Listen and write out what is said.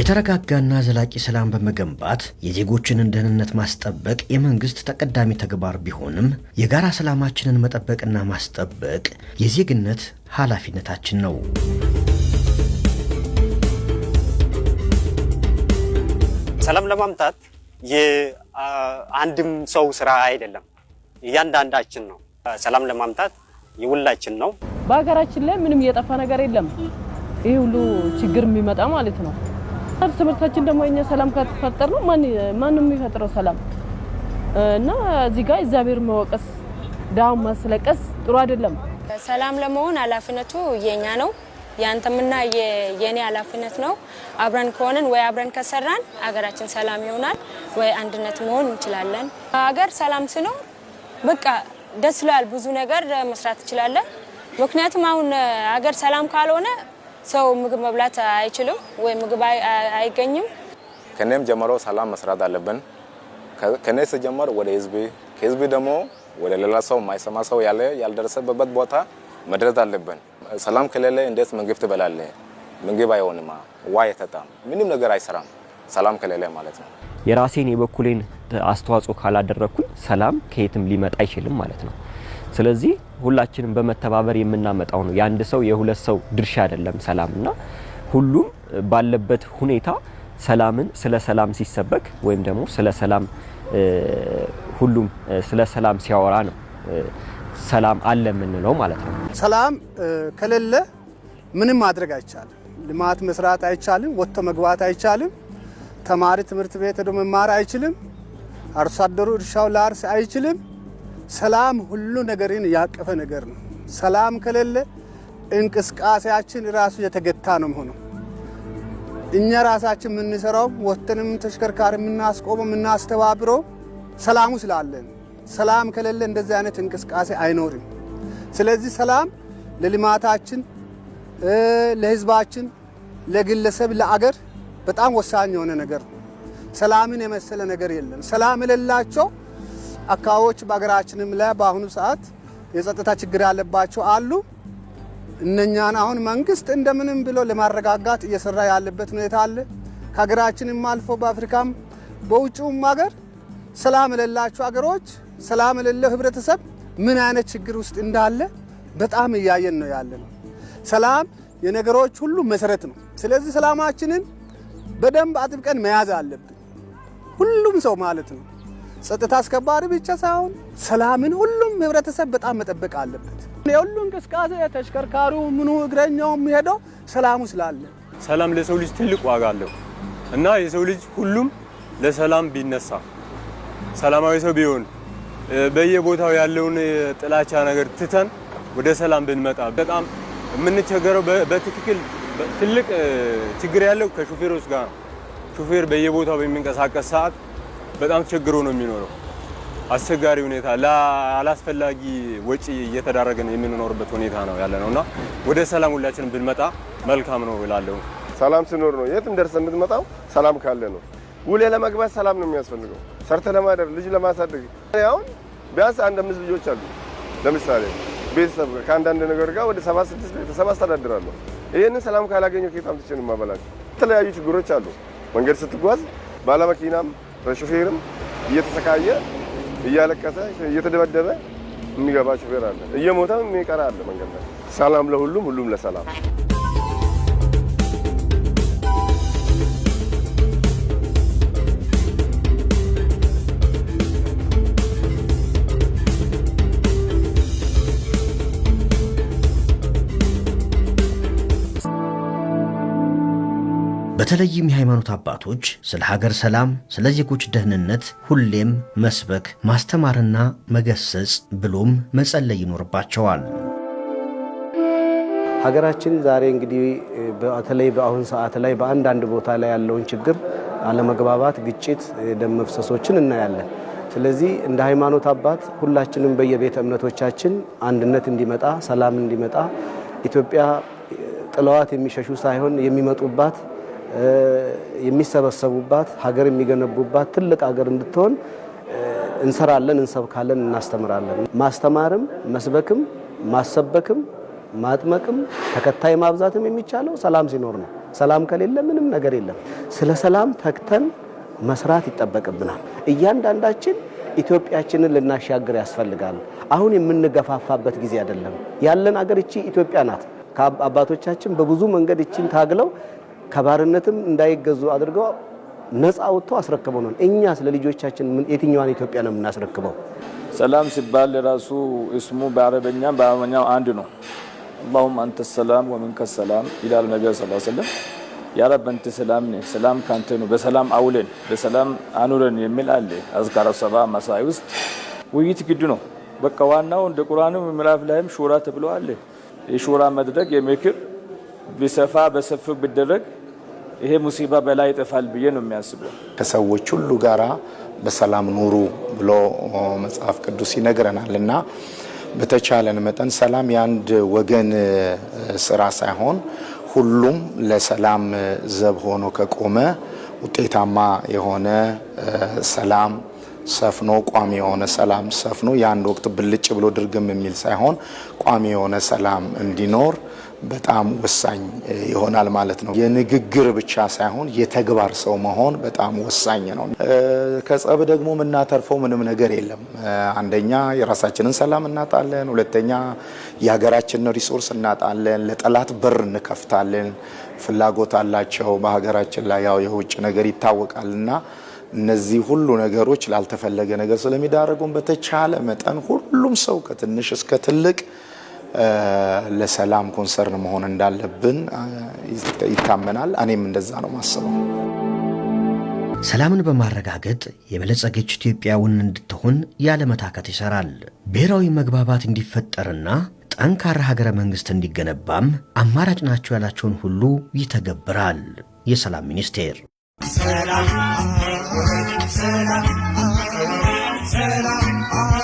የተረጋጋና ዘላቂ ሰላም በመገንባት የዜጎችንን ደህንነት ማስጠበቅ የመንግስት ተቀዳሚ ተግባር ቢሆንም የጋራ ሰላማችንን መጠበቅና ማስጠበቅ የዜግነት ኃላፊነታችን ነው። ሰላም ለማምጣት የአንድም ሰው ስራ አይደለም፣ እያንዳንዳችን ነው። ሰላም ለማምጣት የሁላችን ነው። በሀገራችን ላይ ምንም እየጠፋ ነገር የለም። ይህ ሁሉ ችግር የሚመጣ ማለት ነው። እርስ በርሳችን ደግሞ የኛ ሰላም ከተፈጠር ነው ማንም የሚፈጥረው ሰላም እና እዚህ ጋር እግዚአብሔር መወቀስ ዳውን ማስለቀስ ጥሩ አይደለም። ሰላም ለመሆን ኃላፊነቱ የኛ ነው። የአንተምና የኔ ኃላፊነት ነው። አብረን ከሆንን ወይ አብረን ከሰራን አገራችን ሰላም ይሆናል፣ ወይ አንድነት መሆን እንችላለን። ሀገር ሰላም ሲኖር በቃ ደስ ይላል፣ ብዙ ነገር መስራት እንችላለን። ምክንያቱም አሁን ሀገር ሰላም ካልሆነ ሰው ምግብ መብላት አይችልም፣ ወይ ምግብ አይገኝም። ከኔም ጀምሮ ሰላም መስራት አለብን። ከኔ ስጀምር ወደ ህዝብ፣ ከህዝብ ደግሞ ወደ ሌላ ሰው የማይሰማ ሰው ያለ ያልደረሰበት ቦታ መድረስ አለብን። ሰላም ከሌለ እንዴት ምግብ ትበላለ ምግብ አይሆንማ፣ ውሃ አይጠጣም፣ ምንም ነገር አይሰራም። ሰላም ከሌለ ማለት ነው። የራሴን የበኩሌን አስተዋጽኦ ካላደረግኩኝ ሰላም ከየትም ሊመጣ አይችልም ማለት ነው። ስለዚህ ሁላችንም በመተባበር የምናመጣው ነው። የአንድ ሰው የሁለት ሰው ድርሻ አይደለም ሰላም እና ሁሉም ባለበት ሁኔታ ሰላምን ስለ ሰላም ሲሰበክ ወይም ደግሞ ስለ ሰላም ሁሉም ስለ ሰላም ሲያወራ ነው ሰላም አለ የምንለው ማለት ነው። ሰላም ከሌለ ምንም ማድረግ አይቻልም። ልማት መስራት አይቻልም። ወጥቶ መግባት አይቻልም። ተማሪ ትምህርት ቤት ሄዶ መማር አይችልም። አርሶ አደሩ እርሻው ላርስ አይችልም። ሰላም ሁሉ ነገርን ያቀፈ ነገር ነው። ሰላም ከሌለ እንቅስቃሴያችን ራሱ የተገታ ነው የሚሆነው። እኛ ራሳችን የምንሰራው ወጥተንም ተሽከርካሪ የምናስቆመው የምናስተባብረው ሰላሙ ስላለን ሰላም ከሌለ እንደዚህ አይነት እንቅስቃሴ አይኖርም። ስለዚህ ሰላም ለልማታችን፣ ለህዝባችን፣ ለግለሰብ፣ ለአገር በጣም ወሳኝ የሆነ ነገር ነው። ሰላምን የመሰለ ነገር የለም። ሰላም የሌላቸው አካባቢዎች በሀገራችንም ላይ በአሁኑ ሰዓት የጸጥታ ችግር ያለባቸው አሉ። እነኛን አሁን መንግስት እንደምንም ብሎ ለማረጋጋት እየሰራ ያለበት ሁኔታ አለ። ከሀገራችንም አልፎ በአፍሪካም በውጭውም ሀገር ሰላም የሌላቸው አገሮች ሰላም የሌለው ህብረተሰብ ምን አይነት ችግር ውስጥ እንዳለ በጣም እያየን ነው ያለ ነው። ሰላም የነገሮች ሁሉ መሰረት ነው። ስለዚህ ሰላማችንን በደንብ አጥብቀን መያዝ አለብን። ሁሉም ሰው ማለት ነው ጸጥታ አስከባሪ ብቻ ሳይሆን ሰላምን ሁሉም ህብረተሰብ በጣም መጠበቅ አለበት። የሁሉ እንቅስቃሴ ተሽከርካሪው፣ ምኑ፣ እግረኛው የሚሄደው ሰላሙ ስላለ ሰላም ለሰው ልጅ ትልቅ ዋጋ አለው እና የሰው ልጅ ሁሉም ለሰላም ቢነሳ ሰላማዊ ሰው ቢሆን በየቦታው ያለውን ጥላቻ ነገር ትተን ወደ ሰላም ብንመጣ በጣም የምንቸገረው በትክክል ትልቅ ችግር ያለው ከሹፌሮች ጋር ነው። ሹፌር በየቦታው በሚንቀሳቀስ ሰዓት በጣም ችግሮ ነው የሚኖረው። አስቸጋሪ ሁኔታ፣ ለአላስፈላጊ ወጪ እየተዳረገን የምንኖርበት ሁኔታ ነው ያለ ነው እና ወደ ሰላም ሁላችንም ብንመጣ መልካም ነው እላለሁ። ሰላም ሲኖር ነው የትም ደርሰን የምትመጣው። ሰላም ካለ ነው ውሌ ለመግባት ሰላም ነው የሚያስፈልገው። ሰርተ ለማደር ልጅ ለማሳደግ አሁን ቢያንስ አንድ አምስት ልጆች አሉ። ለምሳሌ ቤተሰብ ከአንዳንድ ነገር ጋር ወደ ሰባት ስድስት ቤተሰብ አስተዳድራለሁ። ይህንን ሰላም ካላገኘ ከየት አምጥቼ ነው የማበላቸው? የተለያዩ ችግሮች አሉ። መንገድ ስትጓዝ ባለመኪናም በሹፌርም እየተሰቃየ እያለቀሰ እየተደበደበ የሚገባ ሹፌር አለ። እየሞተም የሚቀራ አለ መንገድ ላይ። ሰላም ለሁሉም ሁሉም ለሰላም በተለይም የሃይማኖት አባቶች ስለ ሀገር ሰላም፣ ስለ ዜጎች ደህንነት ሁሌም መስበክ፣ ማስተማርና መገሰጽ ብሎም መጸለይ ይኖርባቸዋል። ሀገራችን ዛሬ እንግዲህ በተለይ በአሁን ሰዓት ላይ በአንዳንድ ቦታ ላይ ያለውን ችግር፣ አለመግባባት፣ ግጭት፣ ደም መፍሰሶችን እናያለን። ስለዚህ እንደ ሃይማኖት አባት ሁላችንም በየቤተ እምነቶቻችን አንድነት እንዲመጣ፣ ሰላም እንዲመጣ ኢትዮጵያ ጥለዋት የሚሸሹ ሳይሆን የሚመጡባት የሚሰበሰቡባት ሀገር የሚገነቡባት ትልቅ ሀገር እንድትሆን እንሰራለን፣ እንሰብካለን፣ እናስተምራለን። ማስተማርም መስበክም ማሰበክም ማጥመቅም ተከታይ ማብዛትም የሚቻለው ሰላም ሲኖር ነው። ሰላም ከሌለ ምንም ነገር የለም። ስለ ሰላም ተግተን መስራት ይጠበቅብናል። እያንዳንዳችን ኢትዮጵያችንን ልናሻግር ያስፈልጋል። አሁን የምንገፋፋበት ጊዜ አይደለም። ያለን አገር እቺ ኢትዮጵያ ናት። ከአባቶቻችን በብዙ መንገድ እቺን ታግለው ከባርነትም እንዳይገዙ አድርገው ነፃ ወጥተው አስረክበውናል። እኛስ ለልጆቻችን የትኛዋን ኢትዮጵያ ነው የምናስረክበው? ሰላም ሲባል የራሱ እስሙ በአረበኛም በአረበኛው አንድ ነው። አላሁም አንተ ሰላም ወሚንከ ሰላም ይላል ነቢዩ ስ ስለም የአረብ አንተ ሰላም ነህ፣ ሰላም ካንተ ነው፣ በሰላም አውለን፣ በሰላም አኑረን የሚል አለ። አዝካረ ሰባ መሳይ ውስጥ ውይይት ግድ ነው። በቃ ዋናው እንደ ቁርአኑ ምዕራፍ ላይም ሹራ ተብሎ አለ። የሹራ መድረክ የምክር ቢሰፋ በሰፊው ቢደረግ ይሄ ሙሲባ በላይ ይጠፋል ብዬ ነው የሚያስበው። ከሰዎች ሁሉ ጋራ በሰላም ኑሩ ብሎ መጽሐፍ ቅዱስ ይነግረናል እና በተቻለን መጠን ሰላም የአንድ ወገን ስራ ሳይሆን ሁሉም ለሰላም ዘብ ሆኖ ከቆመ ውጤታማ የሆነ ሰላም ሰፍኖ ቋሚ የሆነ ሰላም ሰፍኖ የአንድ ወቅት ብልጭ ብሎ ድርግም የሚል ሳይሆን ቋሚ የሆነ ሰላም እንዲኖር በጣም ወሳኝ ይሆናል ማለት ነው። የንግግር ብቻ ሳይሆን የተግባር ሰው መሆን በጣም ወሳኝ ነው። ከጸብ ደግሞ የምናተርፈው ምንም ነገር የለም። አንደኛ የራሳችንን ሰላም እናጣለን፣ ሁለተኛ የሀገራችንን ሪሶርስ እናጣለን፣ ለጠላት በር እንከፍታለን። ፍላጎት አላቸው በሀገራችን ላይ ያው የውጭ ነገር ይታወቃልና እነዚህ ሁሉ ነገሮች ላልተፈለገ ነገር ስለሚዳረጉን በተቻለ መጠን ሁሉም ሰው ከትንሽ እስከ ትልቅ ለሰላም ኮንሰርን መሆን እንዳለብን ይታመናል። እኔም እንደዛ ነው ማስበው። ሰላምን በማረጋገጥ የበለጸገች ኢትዮጵያውን እንድትሆን ያለመታከት ይሰራል። ብሔራዊ መግባባት እንዲፈጠርና ጠንካራ ሀገረ መንግሥት እንዲገነባም አማራጭ ናቸው ያላቸውን ሁሉ ይተገብራል የሰላም ሚኒስቴር Sera, ah, Sera, ah, Sera, ah, Sera, Sera, Sera, Sera, Sera, Sera, Sera, Sera, Sera,